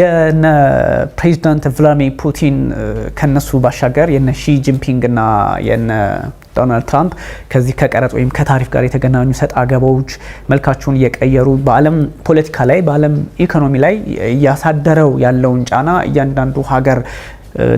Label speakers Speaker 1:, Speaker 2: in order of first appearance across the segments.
Speaker 1: የነ ፕሬዚዳንት ቭላዲሚር ፑቲን ከነሱ ባሻገር የነ ሺ ጂንፒንግ እና የነ ዶናልድ ትራምፕ ከዚህ ከቀረጥ ወይም ከታሪፍ ጋር የተገናኙ ሰጥ አገባዎች መልካቸውን እየቀየሩ በዓለም ፖለቲካ ላይ በዓለም ኢኮኖሚ ላይ እያሳደረው ያለውን ጫና እያንዳንዱ ሀገር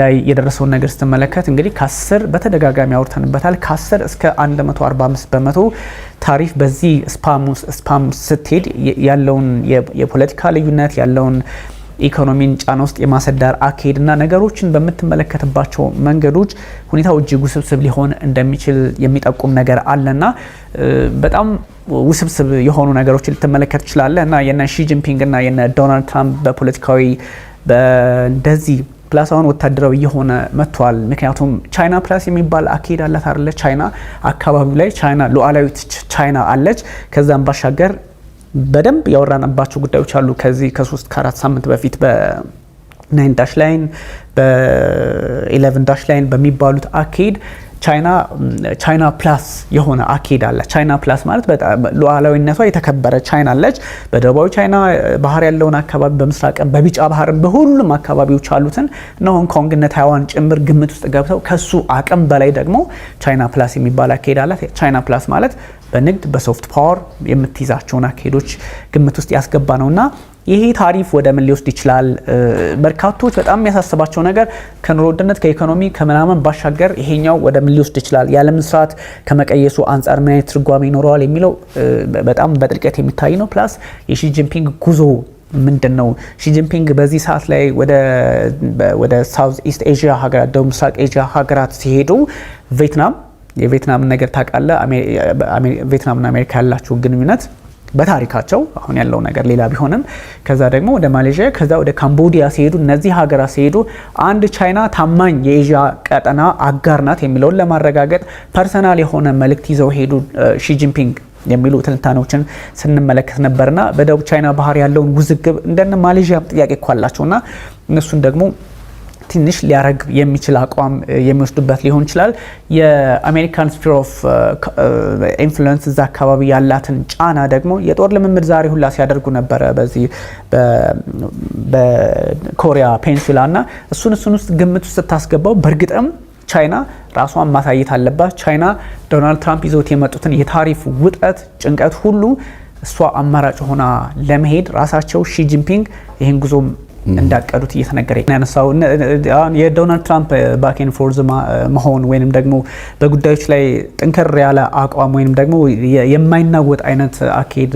Speaker 1: ላይ የደረሰውን ነገር ስትመለከት እንግዲህ ከ10 በተደጋጋሚ አውርተንበታል። ከ10 እስከ 145 በመቶ ታሪፍ በዚህ ስፓም ስትሄድ ያለውን የፖለቲካ ልዩነት ያለውን ኢኮኖሚን ጫና ውስጥ የማሰዳር አካሄድ እና ነገሮችን በምትመለከትባቸው መንገዶች ሁኔታው እጅግ ውስብስብ ሊሆን እንደሚችል የሚጠቁም ነገር አለና በጣም ውስብስብ የሆኑ ነገሮችን ልትመለከት ትችላለህ እና የነ ሺ ጂንፒንግ እና የነ ዶናልድ ትራምፕ በፖለቲካዊ በእንደዚህ ፕላስ አሁን ወታደራዊ እየሆነ መጥቷል። ምክንያቱም ቻይና ፕላስ የሚባል አካሄድ አላት አለ ቻይና አካባቢው ላይ ቻይና ሉዓላዊት ቻይና አለች። ከዛም ባሻገር በደንብ ያወራንባቸው ጉዳዮች አሉ ከዚህ ከሶስት ከአራት ሳምንት በፊት ናይን ዳሽ ላይን በኢለቨን ዳሽ ላይን በሚባሉት አካሄድ ቻይና ቻይና ፕላስ የሆነ አካሄድ አለ። ቻይና ፕላስ ማለት በጣም ሉዓላዊነቷ የተከበረ ቻይና አለች። በደቡባዊ ቻይና ባህር ያለውን አካባቢ በምስራቅ በቢጫ ባህር በሁሉም አካባቢዎች አሉትን እና ሆንኮንግ እነ ታይዋን ጭምር ግምት ውስጥ ገብተው ከሱ አቅም በላይ ደግሞ ቻይና ፕላስ የሚባል አካሄድ አላት። ቻይና ፕላስ ማለት በንግድ በሶፍት ፓወር የምትይዛቸውን አካሄዶች ግምት ውስጥ ያስገባ ነው እና ይሄ ታሪፍ ወደ ምን ሊወስድ ይችላል? በርካቶች በጣም የሚያሳስባቸው ነገር ከኑሮ ውድነት ከኢኮኖሚ ከምናምን ባሻገር ይሄኛው ወደ ምን ሊወስድ ይችላል፣ የዓለምን ስርዓት ከመቀየሱ አንጻር ምን አይነት ትርጓሜ ይኖረዋል የሚለው በጣም በጥልቀት የሚታይ ነው። ፕላስ የሺ ጂንፒንግ ጉዞ ምንድን ነው? ሺጂንፒንግ በዚህ ሰዓት ላይ ወደ ሳውዝ ኢስት ኤዥያ ሀገራት፣ ደቡብ ምስራቅ ኤዥያ ሀገራት ሲሄዱ ቬትናም የቬትናምን ነገር ታውቃለህ። ቬትናምና አሜሪካ ያላቸው ግንኙነት በታሪካቸው አሁን ያለው ነገር ሌላ ቢሆንም ከዛ ደግሞ ወደ ማሌዥያ ከዛ ወደ ካምቦዲያ ሲሄዱ እነዚህ ሀገራት ሲሄዱ አንድ ቻይና ታማኝ የኤዥያ ቀጠና አጋር ናት የሚለውን ለማረጋገጥ ፐርሰናል የሆነ መልእክት ይዘው ሄዱ ሺጂንፒንግ የሚሉ ትንታኔዎችን ስንመለከት ነበርና በደቡብ ቻይና ባህር ያለውን ውዝግብ እንደነ ማሌዥያም ጥያቄ እኮ አላቸውና እነሱን ደግሞ ትንሽ ሊያረግ የሚችል አቋም የሚወስዱበት ሊሆን ይችላል። የአሜሪካን ስፒር ኦፍ ኢንፍሉዌንስ እዛ አካባቢ ያላትን ጫና ደግሞ የጦር ልምምድ ዛሬ ሁላ ሲያደርጉ ነበረ በዚህ በኮሪያ ፔንሱላ እና እሱን እሱን ውስጥ ግምት ውስጥ ስታስገባው በእርግጥም ቻይና ራሷን ማሳየት አለባት። ቻይና ዶናልድ ትራምፕ ይዘውት የመጡትን የታሪፍ ውጠት፣ ጭንቀት ሁሉ እሷ አማራጭ ሆና ለመሄድ ራሳቸው ሺጂንፒንግ ይህን ጉዞ እንዳቀዱት እየተነገረ ያነሳው የዶናልድ ትራምፕ ባኬን ፎርዝ መሆን ወይም ደግሞ በጉዳዮች ላይ ጥንከር ያለ አቋም ወይም ደግሞ የማይናወጥ አይነት አካሄድ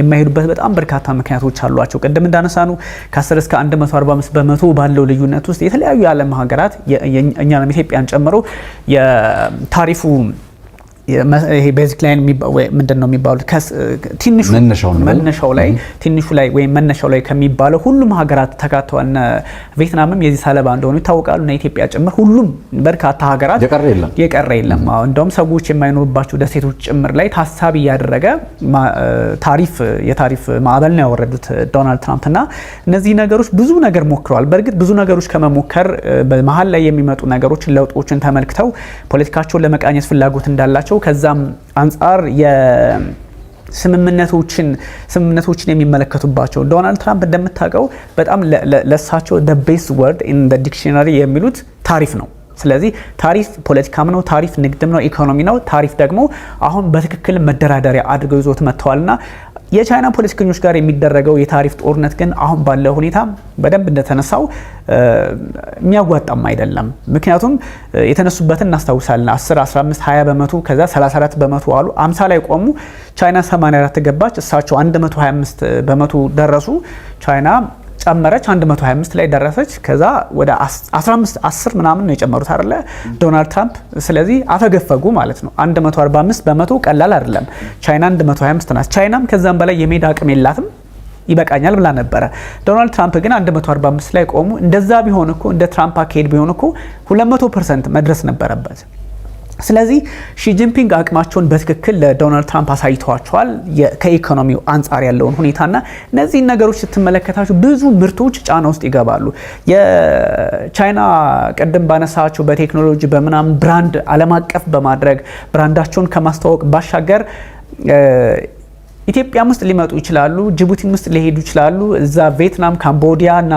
Speaker 1: የማይሄዱበት በጣም በርካታ ምክንያቶች አሏቸው። ቅድም ነው ከ10 እስከ 145 በመቶ ባለው ልዩነት ውስጥ የተለያዩ የዓለም ሀገራት እኛንም ኢትዮጵያን ጨምሮ የታሪፉ ይሄ ቤዚክ ላይን ምንድን ነው የሚባሉት መነሻው ላይ ትንሹ ላይ ወይም መነሻው ላይ ከሚባለው ሁሉም ሀገራት ተካተዋል። ቬትናምም የዚህ ሰለባ እንደሆኑ ይታወቃሉ። እና ኢትዮጵያ ጭምር ሁሉም በርካታ ሀገራት የቀረ የለም። እንደውም ሰዎች የማይኖሩባቸው ደሴቶች ጭምር ላይ ታሳቢ እያደረገ ታሪፍ የታሪፍ ማዕበል ነው ያወረዱት ዶናልድ ትራምፕ እና እነዚህ ነገሮች ብዙ ነገር ሞክረዋል። በእርግጥ ብዙ ነገሮች ከመሞከር በመሀል ላይ የሚመጡ ነገሮችን ለውጦችን ተመልክተው ፖለቲካቸውን ለመቃኘት ፍላጎት እንዳላቸው ከዛም አንጻር ስምምነቶችን ስምምነቶችን የሚመለከቱባቸው ዶናልድ ትራምፕ እንደምታውቀው በጣም ለሳቸው ደ ቤስ ወርድ ኢን ደ ዲክሽነሪ የሚሉት ታሪፍ ነው። ስለዚህ ታሪፍ ፖለቲካም ነው፣ ታሪፍ ንግድም ነው፣ ኢኮኖሚ ነው። ታሪፍ ደግሞ አሁን በትክክል መደራደሪያ አድርገው ይዞት መጥተዋልና የቻይና ፖለቲከኞች ጋር የሚደረገው የታሪፍ ጦርነት ግን አሁን ባለው ሁኔታ በደንብ እንደተነሳው የሚያዋጣም አይደለም። ምክንያቱም የተነሱበትን እናስታውሳለን። 10፣ 15፣ 20 በመቶ ከዛ 34 በመቶ አሉ። 50 ላይ ቆሙ። ቻይና 84 ገባች። እሳቸው 125 በመቶ ደረሱ። ቻይና ጨመረች 125 ላይ ደረሰች። ከዛ ወደ 15 10 ምናምን ነው የጨመሩት አይደለ ዶናልድ ትራምፕ። ስለዚህ አፈገፈጉ ማለት ነው። 145 በመቶ ቀላል አይደለም። ቻይና 125 ናት። ቻይናም ከዛም በላይ የሜዳ አቅም የላትም ይበቃኛል ብላ ነበረ። ዶናልድ ትራምፕ ግን 145 ላይ ቆሙ። እንደዛ ቢሆን እኮ እንደ ትራምፕ አካሄድ ቢሆን እኮ 200 ፐርሰንት መድረስ ነበረበት። ስለዚህ ሺጂንፒንግ አቅማቸውን በትክክል ለዶናልድ ትራምፕ አሳይተዋቸዋል። ከኢኮኖሚው አንጻር ያለውን ሁኔታና እነዚህን ነገሮች ስትመለከታቸው ብዙ ምርቶች ጫና ውስጥ ይገባሉ። የቻይና ቅድም ባነሳቸው በቴክኖሎጂ በምናምን ብራንድ ዓለም አቀፍ በማድረግ ብራንዳቸውን ከማስተዋወቅ ባሻገር ኢትዮጵያም ውስጥ ሊመጡ ይችላሉ። ጅቡቲም ውስጥ ሊሄዱ ይችላሉ። እዛ ቪየትናም፣ ካምቦዲያ እና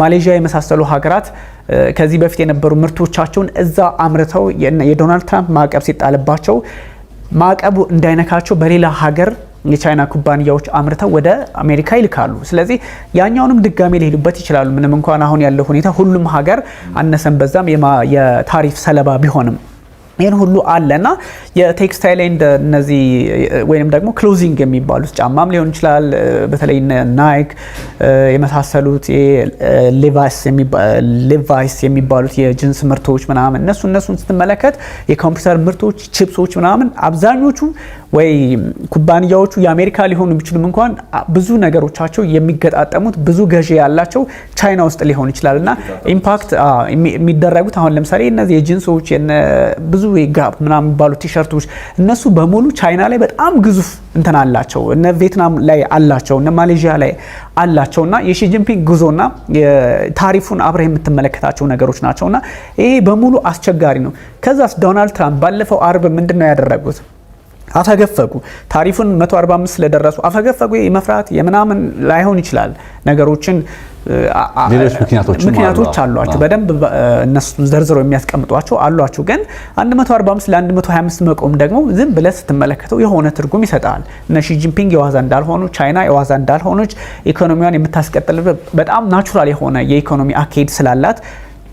Speaker 1: ማሌዥያ የመሳሰሉ ሀገራት ከዚህ በፊት የነበሩ ምርቶቻቸውን እዛ አምርተው የዶናልድ ትራምፕ ማዕቀብ ሲጣልባቸው ማዕቀቡ እንዳይነካቸው በሌላ ሀገር የቻይና ኩባንያዎች አምርተው ወደ አሜሪካ ይልካሉ። ስለዚህ ያኛውንም ድጋሜ ሊሄዱበት ይችላሉ። ምንም እንኳን አሁን ያለው ሁኔታ ሁሉም ሀገር አነሰን በዛም የታሪፍ ሰለባ ቢሆንም ይህን ሁሉ አለና የቴክስታይል ኤንድ እነዚህ ወይም ደግሞ ክሎዚንግ የሚባሉት ጫማም ሊሆን ይችላል። በተለይ ናይክ የመሳሰሉት ሌቫይስ የሚባሉት የጅንስ ምርቶች ምናምን እነሱ እነሱን ስትመለከት የኮምፒውተር ምርቶች፣ ቺፕሶች ምናምን አብዛኞቹ ወይ ኩባንያዎቹ የአሜሪካ ሊሆኑ ቢችሉም እንኳን ብዙ ነገሮቻቸው የሚገጣጠሙት ብዙ ገዢ ያላቸው ቻይና ውስጥ ሊሆን ይችላል እና ኢምፓክት የሚደረጉት አሁን ለምሳሌ እነዚህ የጅንሶች ብዙ ብዙ ጋፕ ምናምን የሚባሉ ቲሸርቶች እነሱ በሙሉ ቻይና ላይ በጣም ግዙፍ እንትን አላቸው። እነ ቪየትናም ላይ አላቸው፣ እነ ማሌዥያ ላይ አላቸው እና የሺጂንፒንግ ጉዞና ታሪፉን አብረህ የምትመለከታቸው ነገሮች ናቸው እና ይሄ በሙሉ አስቸጋሪ ነው። ከዛስ ዶናልድ ትራምፕ ባለፈው አርብ ምንድን ነው ያደረጉት? አፈገፈጉ። ታሪፉን 145 ስለደረሱ አፈገፈጉ። የመፍራት የምናምን ላይሆን ይችላል ነገሮችን ሌሎች ምክንያቶች አሏቸው። በደንብ እነሱ ዘርዝሮ የሚያስቀምጧቸው አሏቸው። ግን 145 ለ125 መቆም ደግሞ ዝም ብለህ ስትመለከተው የሆነ ትርጉም ይሰጣል። እነ ሺጂንፒንግ የዋዛ እንዳልሆኑ፣ ቻይና የዋዛ እንዳልሆኖች ኢኮኖሚዋን የምታስቀጥል በጣም ናቹራል የሆነ የኢኮኖሚ አካሄድ ስላላት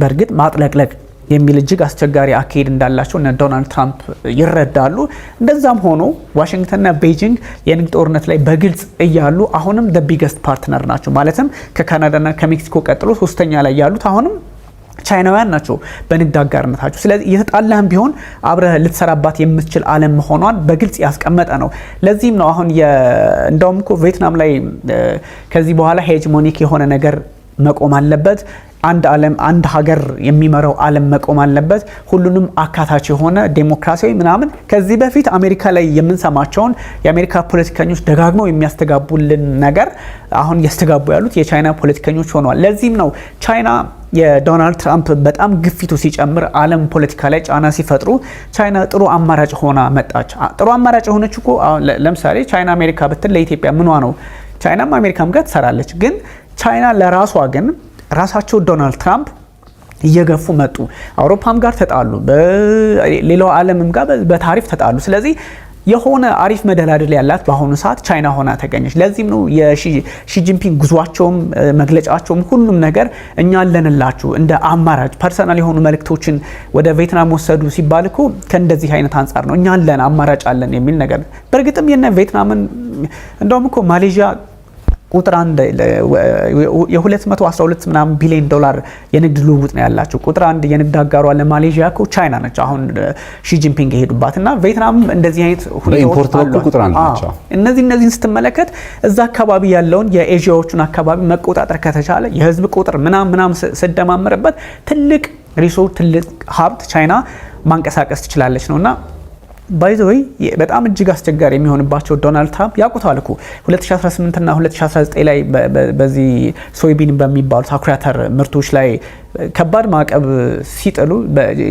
Speaker 1: በእርግጥ ማጥለቅለቅ የሚል እጅግ አስቸጋሪ አካሄድ እንዳላቸው እነ ዶናልድ ትራምፕ ይረዳሉ። እንደዛም ሆኖ ዋሽንግተንና ቤጂንግ የንግድ ጦርነት ላይ በግልጽ እያሉ አሁንም ደ ቢገስት ፓርትነር ናቸው። ማለትም ከካናዳና ከሜክሲኮ ቀጥሎ ሶስተኛ ላይ ያሉት አሁንም ቻይናውያን ናቸው በንግድ አጋርነታቸው። ስለዚህ የተጣላህም ቢሆን አብረህ ልትሰራባት የምትችል ዓለም መሆኗን በግልጽ ያስቀመጠ ነው። ለዚህም ነው አሁን እንደውም እኮ ቪየትናም ላይ ከዚህ በኋላ ሄጅሞኒክ የሆነ ነገር መቆም አለበት። አንድ ዓለም አንድ ሀገር የሚመራው ዓለም መቆም አለበት። ሁሉንም አካታች የሆነ ዴሞክራሲያዊ ምናምን ከዚህ በፊት አሜሪካ ላይ የምንሰማቸውን የአሜሪካ ፖለቲከኞች ደጋግመው የሚያስተጋቡልን ነገር አሁን እያስተጋቡ ያሉት የቻይና ፖለቲከኞች ሆነዋል። ለዚህም ነው ቻይና የዶናልድ ትራምፕ በጣም ግፊቱ ሲጨምር ዓለም ፖለቲካ ላይ ጫና ሲፈጥሩ ቻይና ጥሩ አማራጭ ሆና መጣች። ጥሩ አማራጭ የሆነች እኮ ለምሳሌ ቻይና አሜሪካ ብትል ለኢትዮጵያ ምኗ ነው? ቻይናም አሜሪካም ጋር ትሰራለች ግን ቻይና ለራሷ ግን ራሳቸው ዶናልድ ትራምፕ እየገፉ መጡ። አውሮፓም ጋር ተጣሉ፣ ሌላው ዓለምም ጋር በታሪፍ ተጣሉ። ስለዚህ የሆነ አሪፍ መደላደል ያላት በአሁኑ ሰዓት ቻይና ሆና ተገኘች። ለዚህም ነው የሺጂንፒንግ ጉዟቸውም መግለጫቸውም ሁሉም ነገር እኛ አለንላችሁ እንደ አማራጭ ፐርሰናል የሆኑ መልእክቶችን ወደ ቬትናም ወሰዱ ሲባል እኮ ከእንደዚህ አይነት አንጻር ነው እኛ አለን አማራጭ አለን የሚል ነገር በእርግጥም የነ ቬትናምን እንደውም እኮ ማሌዥያ ቁጥር አንድ የ212 ምናምን ቢሊዮን ዶላር የንግድ ልውውጥ ነው ያላቸው። ቁጥር አንድ የንግድ አጋሯ ለማሌዥያ እኮ ቻይና ነች። አሁን ሺጂንፒንግ የሄዱባት እና ቬትናም እንደዚህ አይነት እነዚህ እነዚህን ስትመለከት እዛ አካባቢ ያለውን የኤዥያዎቹን አካባቢ መቆጣጠር ከተቻለ የህዝብ ቁጥር ምናም ምናም ስደማምርበት ትልቅ ሪሶርት ትልቅ ሀብት ቻይና ማንቀሳቀስ ትችላለች ነው እና ባይዘወይ በጣም እጅግ አስቸጋሪ የሚሆንባቸው ዶናልድ ትራምፕ ያውቁታል እኮ 2018 እና 2019 ላይ በዚህ ሶይቢን በሚባሉት አኩሪያተር ምርቶች ላይ ከባድ ማዕቀብ ሲጥሉ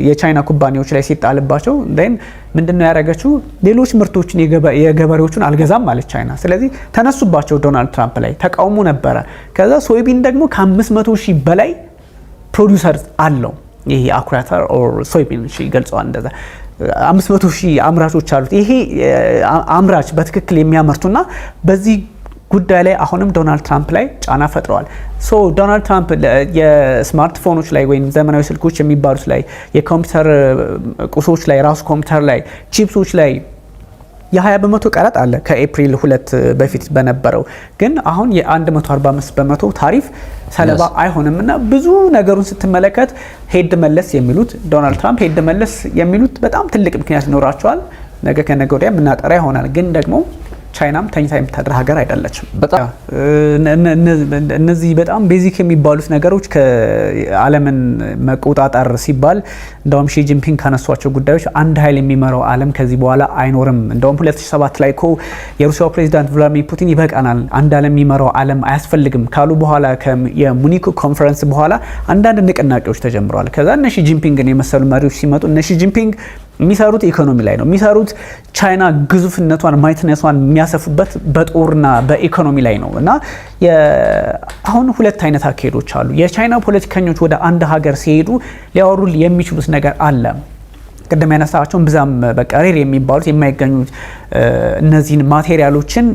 Speaker 1: የቻይና ኩባንያዎች ላይ ሲጣልባቸው ን ምንድነው ያደረገችው? ሌሎች ምርቶችን የገበሬዎቹን አልገዛም አለች ቻይና። ስለዚህ ተነሱባቸው ዶናልድ ትራምፕ ላይ ተቃውሞ ነበረ። ከዛ ሶይቢን ደግሞ ከ500 ሺህ በላይ ፕሮዲውሰር አለው ይሄ አኩሪያተር ሶይቢን ገልጸዋል እንደዛ አምስት መቶ ሺህ አምራቾች አሉት። ይሄ አምራች በትክክል የሚያመርቱና በዚህ ጉዳይ ላይ አሁንም ዶናልድ ትራምፕ ላይ ጫና ፈጥረዋል። ሶ ዶናልድ ትራምፕ የስማርትፎኖች ላይ ወይም ዘመናዊ ስልኮች የሚባሉት ላይ የኮምፒውተር ቁሶች ላይ ራሱ ኮምፒውተር ላይ ቺፕሶች ላይ የ20 በመቶ ቀረጥ አለ ከኤፕሪል ሁለት በፊት በነበረው ግን አሁን የ145 በመቶ ታሪፍ ሰለባ አይሆንም እና ብዙ ነገሩን ስትመለከት ሄድ መለስ የሚሉት ዶናልድ ትራምፕ ሄድ መለስ የሚሉት በጣም ትልቅ ምክንያት ይኖራቸዋል። ነገ ከነገ ወዲያ የምናጠራ ይሆናል ግን ደግሞ ቻይናም ተኝታ የምታድር ሀገር አይደለችም። በጣም እነዚህ በጣም ቤዚክ የሚባሉት ነገሮች ከዓለምን መቆጣጠር ሲባል እንደውም ሺጂንፒንግ ካነሷቸው ጉዳዮች አንድ ኃይል የሚመራው ዓለም ከዚህ በኋላ አይኖርም። እንደውም 2007 ላይ ኮ የሩሲያው ፕሬዚዳንት ቭላዲሚር ፑቲን ይበቃናል፣ አንድ ዓለም የሚመራው ዓለም አያስፈልግም ካሉ በኋላ የሙኒክ ኮንፈረንስ በኋላ አንዳንድ ንቅናቄዎች ተጀምረዋል። ከዛ እነ ሺ የመሰሉ መሪዎች ሲመጡ እነ ሺጂንፒንግ የሚሰሩት ኢኮኖሚ ላይ ነው የሚሰሩት። ቻይና ግዙፍነቷን ማይትነሷን የሚያሰፉበት በጦርና በኢኮኖሚ ላይ ነው እና አሁን ሁለት አይነት አካሄዶች አሉ። የቻይና ፖለቲከኞች ወደ አንድ ሀገር ሲሄዱ ሊያወሩ የሚችሉት ነገር አለ ቅድም ያነሳቸውን ብዛም በቃ የሚባሉት የማይገኙት እነዚህን ማቴሪያሎችን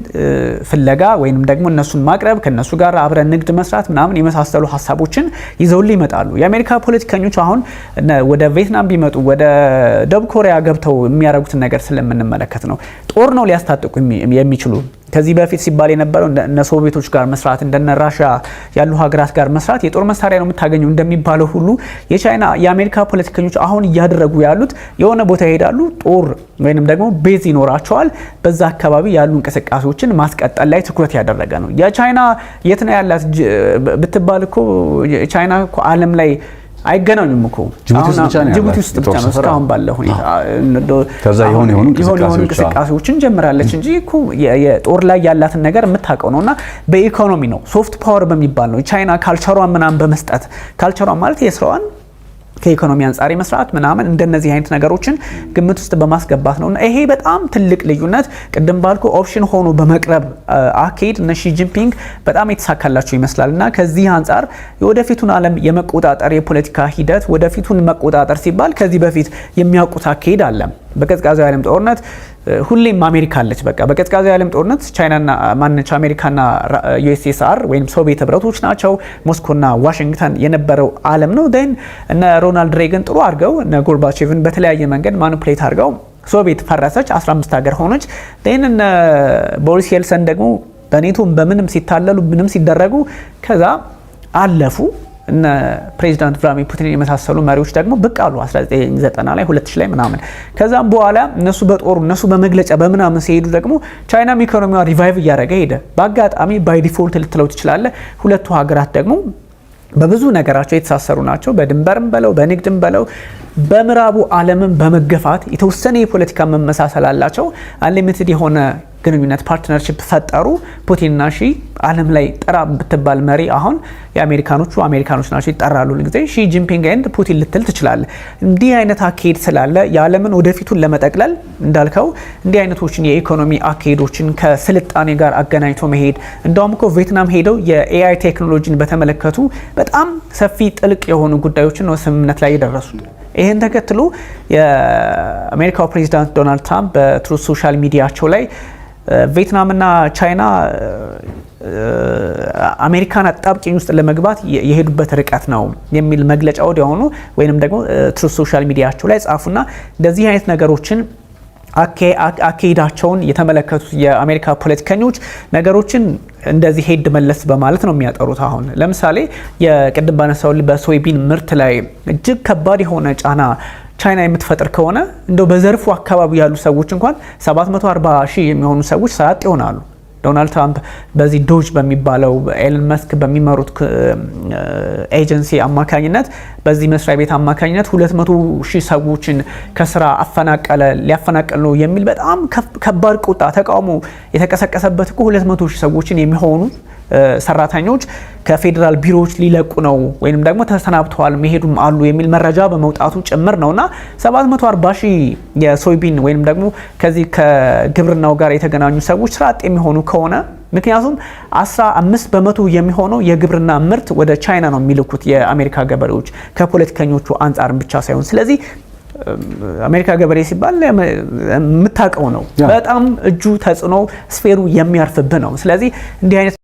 Speaker 1: ፍለጋ ወይንም ደግሞ እነሱን ማቅረብ ከነሱ ጋር አብረን ንግድ መስራት ምናምን የመሳሰሉ ሀሳቦችን ይዘውል ይመጣሉ። የአሜሪካ ፖለቲከኞች አሁን ወደ ቬትናም ቢመጡ ወደ ደቡብ ኮሪያ ገብተው የሚያደርጉትን ነገር ስለምንመለከት ነው። ጦር ነው ሊያስታጥቁ የሚችሉ ከዚህ በፊት ሲባል የነበረው እነ ሶቪየቶች ጋር መስራት እንደነ ራሻ ያሉ ሀገራት ጋር መስራት የጦር መሳሪያ ነው የምታገኘው እንደሚባለው ሁሉ የቻይና የአሜሪካ ፖለቲከኞች አሁን እያደረጉ ያሉት የሆነ ቦታ ይሄዳሉ፣ ጦር ወይንም ደግሞ ቤዝ ይኖራቸዋል። በዛ አካባቢ ያሉ እንቅስቃሴዎችን ማስቀጠል ላይ ትኩረት ያደረገ ነው። የቻይና የት ነው ያላት ብትባል እኮ ቻይና እኮ ዓለም ላይ አይገናኙም እኮ ጅቡቲ ውስጥ ብቻ ነው እስካሁን ባለ ሁኔታ የሆኑ እንቅስቃሴዎች ጀምራለች እንጂ የጦር ላይ ያላትን ነገር የምታውቀው ነው እና በኢኮኖሚ ነው ሶፍት ፓወር በሚባል ነው ቻይና ካልቸሯን ምናምን በመስጠት ካልቸሯን ማለት የስራዋን ከኢኮኖሚ አንጻር መስራት ምናምን እንደነዚህ አይነት ነገሮችን ግምት ውስጥ በማስገባት ነው እና ይሄ በጣም ትልቅ ልዩነት ቅድም ባልኩ ኦፕሽን ሆኖ በመቅረብ አካሄድ እነ ሺ ጂንፒንግ በጣም የተሳካላቸው ይመስላል እና ከዚህ አንጻር የወደፊቱን ዓለም የመቆጣጠር የፖለቲካ ሂደት ወደፊቱን መቆጣጠር ሲባል ከዚህ በፊት የሚያውቁት አካሄድ አለ። በቀዝቃዛው የዓለም ጦርነት ሁሌም አሜሪካ አለች። በቃ በቀዝቃዛው የዓለም ጦርነት ቻይናና ማነች አሜሪካና ዩኤስኤስአር ወይም ሶቪየት ህብረቶች ናቸው። ሞስኮና ዋሽንግተን የነበረው ዓለም ነው። ደን እነ ሮናልድ ሬገን ጥሩ አድርገው እነ ጎርባቼቭን በተለያየ መንገድ ማኒፕሌት አድርገው ሶቪየት ፈረሰች፣ 15 ሀገር ሆነች። ደን እነ ቦሪስ ኤልሰን ደግሞ በኔቶም በምንም ሲታለሉ ምንም ሲደረጉ ከዛ አለፉ። እነ ፕሬዚዳንት ቭላድሚር ፑቲን የመሳሰሉ መሪዎች ደግሞ ብቅ አሉ 1990 ላይ 2000 ላይ ምናምን። ከዛም በኋላ እነሱ በጦሩ እነሱ በመግለጫ በምናምን ሲሄዱ ደግሞ ቻይናም ኢኮኖሚዋ ሪቫይቭ እያደረገ ሄደ። በአጋጣሚ ባይ ዲፎልት ልትለው ትችላለ። ሁለቱ ሀገራት ደግሞ በብዙ ነገራቸው የተሳሰሩ ናቸው። በድንበርም በለው በንግድም በለው በምዕራቡ ዓለምን በመገፋት የተወሰነ የፖለቲካ መመሳሰል አላቸው። አንሊሚትድ የሆነ ግንኙነት ፓርትነርሽፕ ፈጠሩ። ፑቲንና ሺ ዓለም ላይ ጥራ ብትባል መሪ አሁን የአሜሪካኖቹ አሜሪካኖች ናቸው ይጠራሉ ጊዜ ሺ ጂንፒንግ ኤንድ ፑቲን ልትል ትችላለ። እንዲህ አይነት አካሄድ ስላለ የዓለምን ወደፊቱን ለመጠቅለል እንዳልከው እንዲህ አይነቶችን የኢኮኖሚ አካሄዶችን ከስልጣኔ ጋር አገናኝቶ መሄድ እንደውም እኮ ቪየትናም ሄደው የኤአይ ቴክኖሎጂን በተመለከቱ በጣም ሰፊ ጥልቅ የሆኑ ጉዳዮችን ነው ስምምነት ላይ የደረሱት። ይህን ተከትሎ የአሜሪካው ፕሬዚዳንት ዶናልድ ትራምፕ በትሩ ሶሻል ሚዲያቸው ላይ ቪየትናምና ቻይና አሜሪካን አጣብቂኝ ውስጥ ለመግባት የሄዱበት ርቀት ነው የሚል መግለጫ ወዲያውኑ ወይንም ደግሞ ትሩ ሶሻል ሚዲያቸው ላይ ጻፉና እንደዚህ አይነት ነገሮችን አካሄዳቸውን የተመለከቱት የአሜሪካ ፖለቲከኞች ነገሮችን እንደዚህ ሄድ መለስ በማለት ነው የሚያጠሩት። አሁን ለምሳሌ የቅድም ባነሳው በሶይቢን ምርት ላይ እጅግ ከባድ የሆነ ጫና ቻይና የምትፈጥር ከሆነ እንደው በዘርፉ አካባቢ ያሉ ሰዎች እንኳን 740 ሺህ የሚሆኑ ሰዎች ሰራጥ ይሆናሉ። ዶናልድ ትራምፕ በዚህ ዶጅ በሚባለው ኤለን መስክ በሚመሩት ኤጀንሲ አማካኝነት በዚህ መስሪያ ቤት አማካኝነት 200 ሺህ ሰዎችን ከስራ አፈናቀለ ሊያፈናቀል ነው የሚል በጣም ከባድ ቁጣ፣ ተቃውሞ የተቀሰቀሰበት እኮ 200 ሺህ ሰዎችን የሚሆኑ ሰራተኞች ከፌዴራል ቢሮዎች ሊለቁ ነው ወይም ደግሞ ተሰናብተዋል መሄዱም አሉ የሚል መረጃ በመውጣቱ ጭምር ነውና 740 ሺህ የሶይቢን ወይም ደግሞ ከዚህ ከግብርናው ጋር የተገናኙ ሰዎች ስራ አጥ የሚሆኑ ከሆነ ምክንያቱም 15 በመቶ የሚሆነው የግብርና ምርት ወደ ቻይና ነው የሚልኩት የአሜሪካ ገበሬዎች ከፖለቲከኞቹ አንጻር ብቻ ሳይሆን ስለዚህ አሜሪካ ገበሬ ሲባል የምታውቀው ነው። በጣም እጁ ተጽዕኖ ስፌሩ የሚያርፍብህ ነው። ስለዚህ እንዲህ አይነት